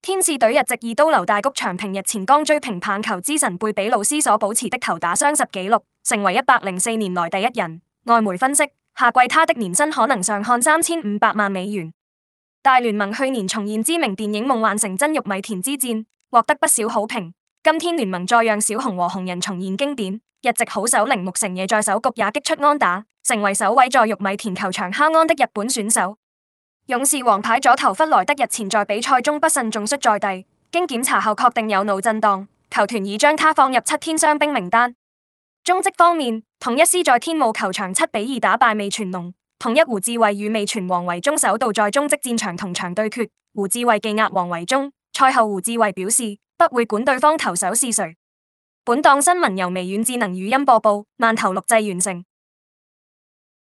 天使隊日籍二刀流大谷翔平日前剛追平棒球之神貝比魯斯所保持的投打雙十紀錄，成為一百零四年來第一人。外媒分析，下季他的年薪可能上看三千五百萬美元。大聯盟去年重現知名電影夢幻成真玉米田之戰，獲得不少好評。今天聯盟再讓小熊和紅人重現經典。日籍好手鈴木誠也在首局也擊出安打，成為首位在玉米田球場敲安的日本選手。勇士王牌左投弗萊德日前在比賽中不慎重摔在地，經檢查後確定有腦震盪，球團已將他放入七天傷兵名單。中職方面，統一獅在天母球場七比二打敗味全龍，統一胡智為與味全王維中首度在中職戰場同場對決，胡智為技壓王維中。賽後胡智為表示不會管對方投手是誰。本檔新聞由微軟智能語音播報，慢投錄製完成。